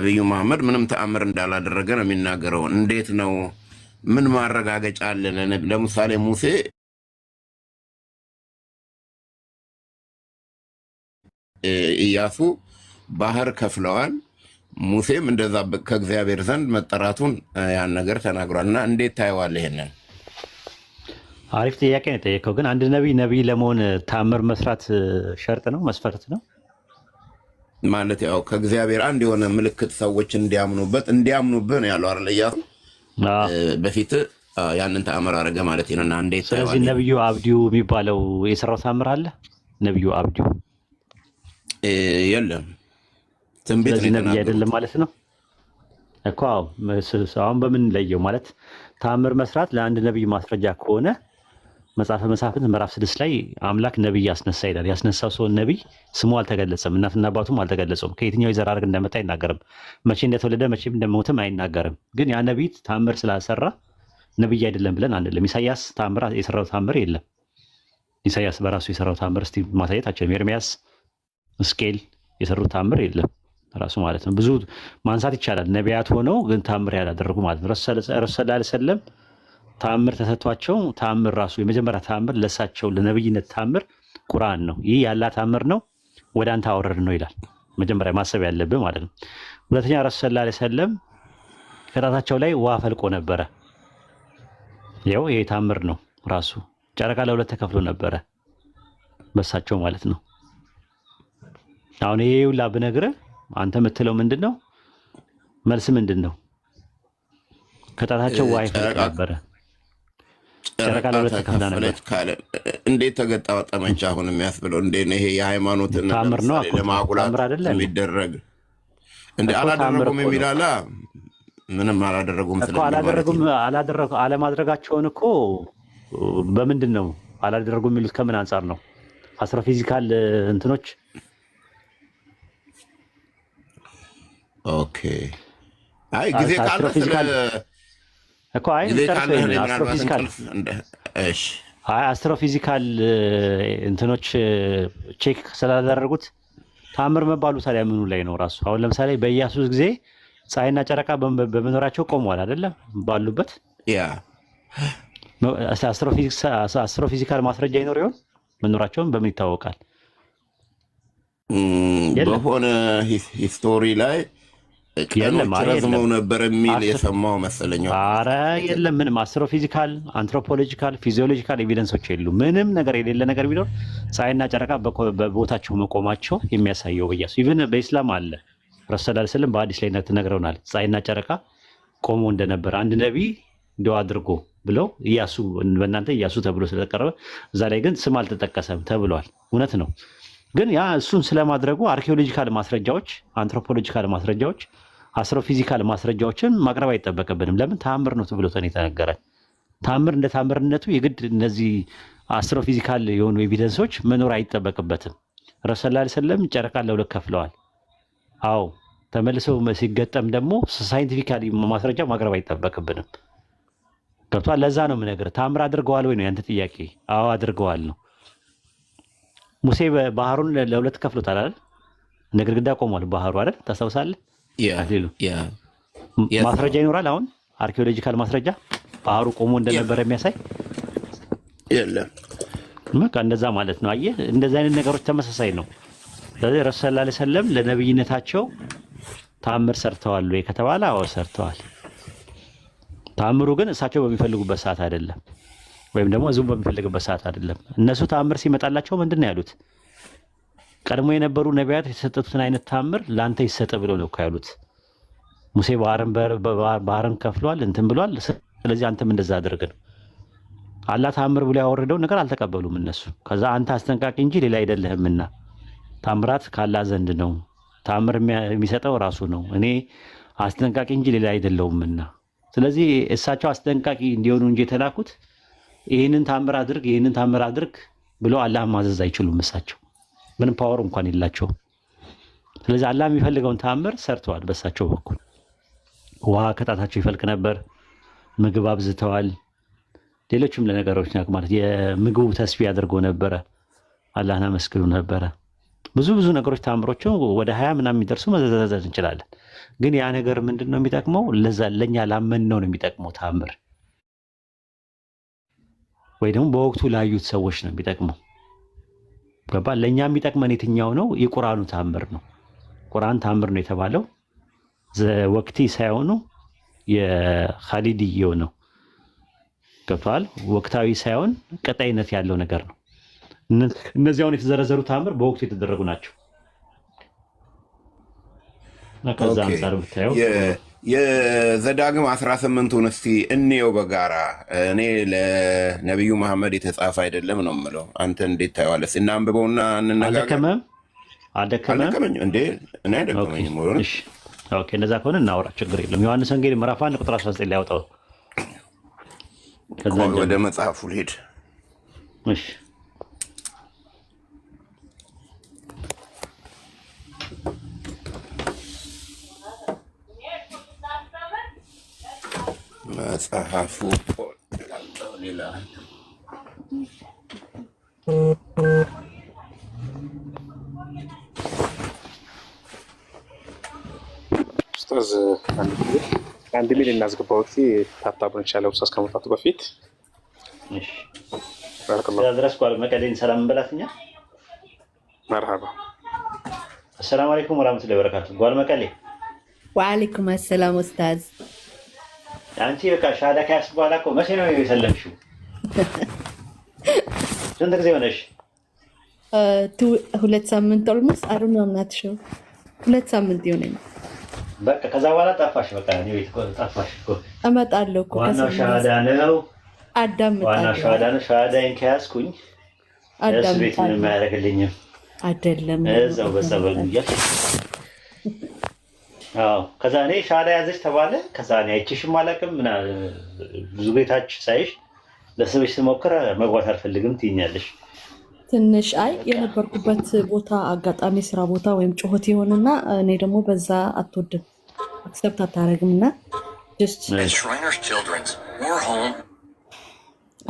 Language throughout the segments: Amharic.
ነቢዩ መሐመድ ምንም ተአምር እንዳላደረገ ነው የሚናገረው። እንዴት ነው? ምን ማረጋገጫ አለ? ለምሳሌ ሙሴ እያሱ ባህር ከፍለዋል። ሙሴም እንደዛ ከእግዚአብሔር ዘንድ መጠራቱን ያን ነገር ተናግሯል። እና እንዴት ታየዋል? ይሄንን አሪፍ ጥያቄ ነው የጠየቀው። ግን አንድ ነቢይ ነቢይ ለመሆን ተአምር መስራት ሸርጥ ነው መስፈርት ነው? ማለት ያው ከእግዚአብሔር አንድ የሆነ ምልክት ሰዎች እንዲያምኑበት እንዲያምኑብህ ነው ያለው አይደል? እያሱ በፊት ያንን ተአምር አረገ ማለት እና እንዴት ስለዚህ ነብዩ አብዲዩ የሚባለው የሰራው ተአምር አለ? ነብዩ አብዲዩ የለም፣ ትንቢት ነብይ አይደለም ማለት ነው እኮ አሁን በምን ለየው? ማለት ተአምር መስራት ለአንድ ነብይ ማስረጃ ከሆነ መጽሐፈ መሳፍንት ምዕራፍ ስድስት ላይ አምላክ ነቢይ ያስነሳ ይላል። ያስነሳው ሰው ነቢይ ስሙ አልተገለጸም፣ እናትና አባቱም አልተገለጸም። ከየትኛው የዘር ሐረግ እንደመጣ አይናገርም። መቼ እንደተወለደ መቼም እንደሞተም አይናገርም። ግን ያ ነቢይ ታምር ስላሰራ ነቢይ አይደለም ብለን አንልም። ኢሳያስ ታምር የሰራው ታምር የለም። ኢሳያስ በራሱ የሰራው ታምር እስቲ ማሳየት አችልም። ኤርሚያስ ስኬል የሰሩት ታምር የለም ራሱ ማለት ነው። ብዙ ማንሳት ይቻላል። ነቢያት ሆነው ግን ታምር ያላደረጉ ማለት ነው። ረሱ ሰለም ተአምር ተሰጥቷቸው ተአምር ራሱ የመጀመሪያ ተአምር ለሳቸው ለነብይነት ተአምር ቁርአን ነው። ይህ ያላ ተአምር ነው፣ ወደ አንተ አወረድ ነው ይላል። መጀመሪያ ማሰብ ያለብህ ማለት ነው። ሁለተኛ ረሱ ሰለላሁ ዐለይሂ ወሰለም ከጣታቸው ላይ ውሃ ፈልቆ ነበረ። ያው ይሄ ተአምር ነው ራሱ። ጨረቃ ለሁለት ተከፍሎ ነበረ በሳቸው ማለት ነው። አሁን ይሄ ሁላ ብነግርህ አንተ የምትለው ምንድን ነው? መልስ ምንድን ነው? ከጣታቸው ውሃ ይፈልቅ ነበረ እንዴት ተገጣጠመች አሁን የሚያስብለው እንዴ ይሄ የሃይማኖትን ለማጉላት የሚደረግ እንደ አላደረጉም የሚል ምንም አላደረጉም አላደረጉም አለማድረጋቸውን እኮ በምንድን ነው አላደረጉም የሚሉት? ከምን አንጻር ነው? ፊዚካል እንትኖች ኦኬ አይ ጊዜ ካለ እኮ አይ አስትሮፊዚካል እንትኖች ቼክ ስላደረጉት ታምር መባሉ ታዲያ ምኑ ላይ ነው ራሱ? አሁን ለምሳሌ በኢያሱስ ጊዜ ፀሐይና ጨረቃ በመኖራቸው ቆመዋል አይደለም ባሉበት። አስትሮፊዚካል ማስረጃ ይኖር ይሆን መኖራቸውን በምን ይታወቃል? በሆነ ሂስቶሪ ላይ ቀኖች ረዝመው ነበር የሚል የሰማው የለም ምንም አስትሮፊዚካል፣ አንትሮፖሎጂካል፣ ፊዚዮሎጂካል ኤቪደንሶች የሉ። ምንም ነገር የሌለ ነገር ቢኖር ፀሐይና ጨረቃ በቦታቸው መቆማቸው የሚያሳየው በያሱ ኢቨን በኢስላም አለ ረሰላል ስልም በአዲስ ላይ ፀሐይና ጨረቃ ቆሞ አንድ አድርጎ ብለው እያሱ በእናንተ እያሱ ተብሎ ስለቀረበ እዛ ላይ ግን ስም አልተጠቀሰም ተብሏል። እውነት ነው ግን ያ እሱን ስለማድረጉ አርኪኦሎጂካል ማስረጃዎች፣ አንትሮፖሎጂካል ማስረጃዎች አስትሮፊዚካል ማስረጃዎችን ማቅረብ አይጠበቅብንም። ለምን ተአምር ነው ብሎ የተነገረ ተአምር እንደ ተአምርነቱ የግድ እነዚህ አስትሮፊዚካል የሆኑ ኤቪደንሶች መኖር አይጠበቅበትም። ረሰላ ላ ስለም ጨረቃን ለሁለት ከፍለዋል። አዎ ተመልሰው ሲገጠም ደግሞ ሳይንቲፊካሊ ማስረጃ ማቅረብ አይጠበቅብንም። ገብቷል። ለዛ ነው የምነግርህ። ተአምር አድርገዋል ወይ ነው ያንተ ጥያቄ? አዎ አድርገዋል ነው። ሙሴ ባህሩን ለሁለት ከፍሎታል አይደል? እንደ ግድግዳ ቆሟል ባህሩ አይደል? ታስታውሳለህ? ማስረጃ ይኖራል። አሁን አርኪኦሎጂካል ማስረጃ ባህሩ ቆሞ እንደነበረ የሚያሳይ የለም። በቃ እንደዛ ማለት ነው። አየህ፣ እንደዚ አይነት ነገሮች ተመሳሳይ ነው። ስለዚህ ረሱ ስላ ሰለም ለነብይነታቸው ታምር ሰርተዋል ወይ ከተባለ አዎ ሰርተዋል። ታምሩ ግን እሳቸው በሚፈልጉበት ሰዓት አይደለም፣ ወይም ደግሞ ህዝቡ በሚፈልግበት ሰዓት አይደለም። እነሱ ታምር ሲመጣላቸው ምንድን ነው ያሉት? ቀድሞ የነበሩ ነቢያት የተሰጠቱትን አይነት ታምር ለአንተ ይሰጠ ብሎ ነው ያሉት። ሙሴ ባህርን ከፍሏል፣ እንትን ብሏል። ስለዚህ አንተም እንደዛ አድርግ ነው። አላህ ታምር ብሎ ያወረደው ነገር አልተቀበሉም እነሱ። ከዛ አንተ አስጠንቃቂ እንጂ ሌላ አይደለህምና ታምራት ካላ ዘንድ ነው። ታምር የሚሰጠው ራሱ ነው። እኔ አስጠንቃቂ እንጂ ሌላ አይደለውምና ስለዚህ እሳቸው አስጠንቃቂ እንዲሆኑ እንጂ የተላኩት ይህንን ታምር አድርግ፣ ይህንን ታምር አድርግ ብሎ አላህ ማዘዝ አይችሉም እሳቸው ምንም ፓወር እንኳን የላቸው። ስለዚህ አላህ የሚፈልገውን ተአምር ሰርተዋል በሳቸው በኩል ውሃ ከጣታቸው ይፈልቅ ነበር። ምግብ አብዝተዋል። ሌሎችም ለነገሮች ማለት የምግቡ ተስቢ አድርጎ ነበረ። አላህን አመስግኑ ነበረ። ብዙ ብዙ ነገሮች ተአምሮችን ወደ ሀያ ምናምን የሚደርሱ መዘዘዝ እንችላለን። ግን ያ ነገር ምንድን ነው የሚጠቅመው? ለዛ ለእኛ ላመን ነው የሚጠቅመው ተአምር፣ ወይ ደግሞ በወቅቱ ላዩት ሰዎች ነው የሚጠቅመው። ገባ። ለእኛ የሚጠቅመን የትኛው ነው? የቁርአኑ ታምር ነው። ቁርአን ታምር ነው የተባለው ወቅቲ ሳይሆኑ የካሊድየው ነው። ገብተዋል። ወቅታዊ ሳይሆን ቀጣይነት ያለው ነገር ነው። እነዚህ አሁን የተዘረዘሩ ታምር በወቅቱ የተደረጉ ናቸው። ከዛ አንጻር ብታየው የዘዳግም 18ቱን እስቲ እንየው በጋራ። እኔ ለነቢዩ መሐመድ የተጻፈ አይደለም ነው የምለው። አንተ እንዴት ታየዋለህ? እናንብበውና እንነጋገር። አልደከመም እንደዛ ከሆነ እናወራ፣ ችግር የለም። ዮሐንስ ወንጌል ምዕራፍ 1 ቁጥር 19 ላይ ያውጣው። ወደ መጽሐፉ ልሄድ። እሺ መጽሐፉ ይላል። ኡስታዝ አንድ ሚል እናስገባው ጊዜ ታብታቡን ይቻለ ኡስታዝ ከመምጣቱ በፊት ድረስኳል። መቀሌን ሰላም እንበላትኛ። መርሃባ አሰላሙ አለይኩም ወራህመቱላሂ ወበረካቱ። ጓል መቀሌ ወአለይኩም አሰላም ኡስታዝ አንቺ በቃ ሻዳ ከያስ በኋላ እኮ መቼ ነው የሰለምሽው? ስንት ጊዜ ሆነሽ? ሁለት ሳምንት ኦልሞስት አሩ ምናምናት ሸው ሁለት ሳምንት ይሆነኝ። በቃ ከዛ በኋላ ጠፋሽ፣ በቃ ጠፋሽ። እመጣለሁ እኮ ዋናው ሻዳ ነው። አዳምጣለሁ። ዋናው ሻዳ ነው። ሻዳዬን ከያዝኩኝ እሱ ቤት ምንም አያደርግልኝም። አይደለም እዛው በጸበሉ እያልኩ ከዛ እኔ ሻላ ያዘች ተባለ። ከዛ እኔ አይቼሽም አላውቅም ብዙ ቤታች ሳይሽ ለስብሽ ስሞክር መግባት አልፈልግም ትይኛለሽ። ትንሽ አይ የነበርኩበት ቦታ አጋጣሚ ስራ ቦታ ወይም ጩኸት የሆንና እኔ ደግሞ በዛ አትወድም አክሰብት አታረግም እና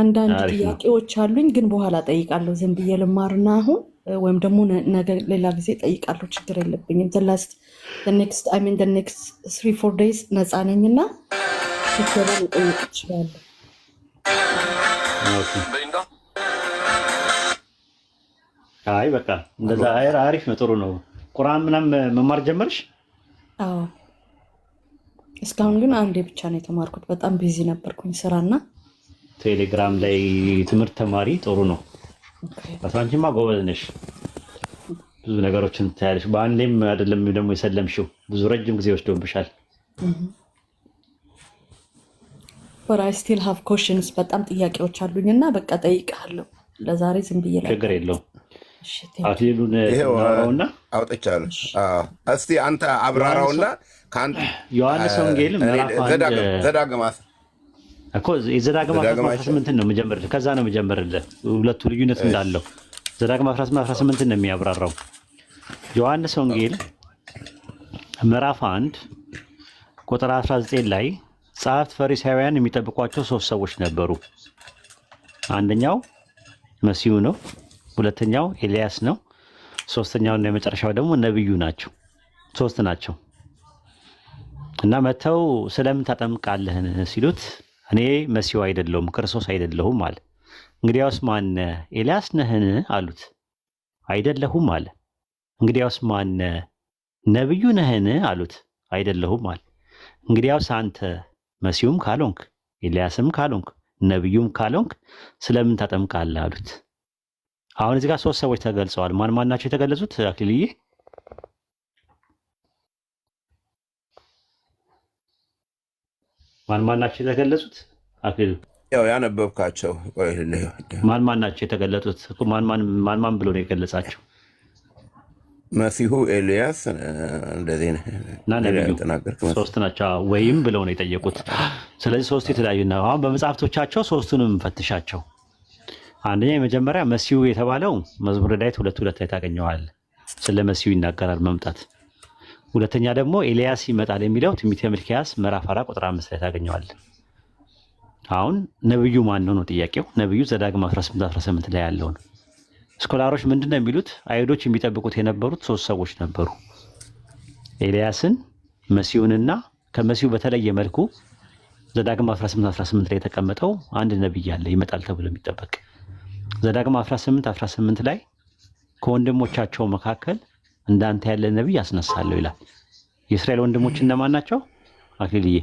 አንዳንድ ጥያቄዎች አሉኝ፣ ግን በኋላ ጠይቃለሁ። ዝም ብዬ ልማርና አሁን ወይም ደግሞ ነገ ሌላ ጊዜ ጠይቃለሁ። ችግር የለብኝም። ላስት ኔክስት አይ ሚን ኔክስት ስሪ ፎር ደይስ ነፃ ነኝ እና ችግር እጠይቅ እችላለሁ። አይ በቃ እንደዛ አሪፍ ነው፣ ጥሩ ነው። ቁርአን ምናምን መማር ጀመርሽ? አዎ እስካሁን ግን አንዴ ብቻ ነው የተማርኩት። በጣም ቢዚ ነበርኩኝ ስራና ቴሌግራም ላይ ትምህርት ተማሪ ጥሩ ነው። አንቺማ ጎበዝ ነሽ፣ ብዙ ነገሮችን ታያለሽ። በአንዴም አይደለም ደግሞ የሰለምሽው፣ ብዙ ረጅም ጊዜ ወስዶብሻል። አይ ስቲል ሃቭ ኮሽንስ በጣም ጥያቄዎች አሉኝ እና በቃ ጠይቅሃለሁ። ለዛሬ ዝም ብዬ ችግር የለውም። አክሊሉን አውጥቻለሁ። እስቲ አንተ አብራራውና ዮሐንስ ወንጌል ዘዳግም እኮ የዘዳግም 18 ነው የምጀምርልህ። ከዛ ነው የምጀምርልህ ሁለቱ ልዩነት እንዳለው ዘዳግም 18 ነው የሚያብራራው። ዮሐንስ ወንጌል ምዕራፍ 1 ቁጥር 19 ላይ ጸሐፍት ፈሪሳውያን የሚጠብቋቸው ሶስት ሰዎች ነበሩ። አንደኛው መሲሁ ነው፣ ሁለተኛው ኤልያስ ነው፣ ሶስተኛውና የመጨረሻው ደግሞ ነብዩ ናቸው። ሶስት ናቸው እና መተው ስለምን ታጠምቃለህን ሲሉት እኔ መሲሁ አይደለሁም ክርስቶስ አይደለሁም አለ። እንግዲያውስ ማነ ኤልያስ ነህን አሉት። አይደለሁም አለ። እንግዲያውስ ማነ? ነቢዩ ነህን አሉት። አይደለሁም አለ። እንግዲያውስ አንተ መሲሁም ካልሆንክ ኤልያስም ካልሆንክ ነቢዩም ካልሆንክ ስለምን ታጠምቃለህ አሉት። አሁን እዚህ ጋር ሶስት ሰዎች ተገልጸዋል። ማን ማን ናቸው የተገለጹት? አክሊልዬ ማን ማን ናቸው የተገለጹት? አክሊሉ ያው ያነበብካቸው ማን ማን ናቸው የተገለጡት? ማን ማን ብሎ ነው የገለጻቸው? መሲሁ ኤልያስ፣ እንደዚህ ሶስት ናቸው ወይም ብለው ነው የጠየቁት። ስለዚህ ሶስቱ የተለያዩ ና አሁን በመጽሐፍቶቻቸው ሶስቱንም ፈትሻቸው። አንደኛ የመጀመሪያ መሲሁ የተባለው መዝሙረ ዳዊት ሁለት ሁለት ላይ ታገኘዋል። ስለ መሲሁ ይናገራል መምጣት ሁለተኛ ደግሞ ኤልያስ ይመጣል የሚለው ትንቢተ ሚልክያስ ምዕራፍ አራት ቁጥር አምስት ላይ ታገኘዋለን። አሁን ነብዩ ማን ነው ነው ጥያቄው። ነብዩ ዘዳግም 18 18 ላይ ነው። ስኮላሮች ምንድን ነው የሚሉት? አይሁዶች የሚጠብቁት የነበሩት ሶስት ሰዎች ነበሩ። ኤልያስን፣ መሲሁንና ከመሲሁ በተለየ መልኩ ዘዳግም 18 18 ላይ የተቀመጠው አንድ ነብይ አለ ይመጣል ተብሎ የሚጠበቅ ዘዳግም 18 18 ላይ ከወንድሞቻቸው መካከል እንዳንተ ያለ ነቢይ አስነሳለሁ ይላል። የእስራኤል ወንድሞች እነማን ናቸው? አክሊልዬ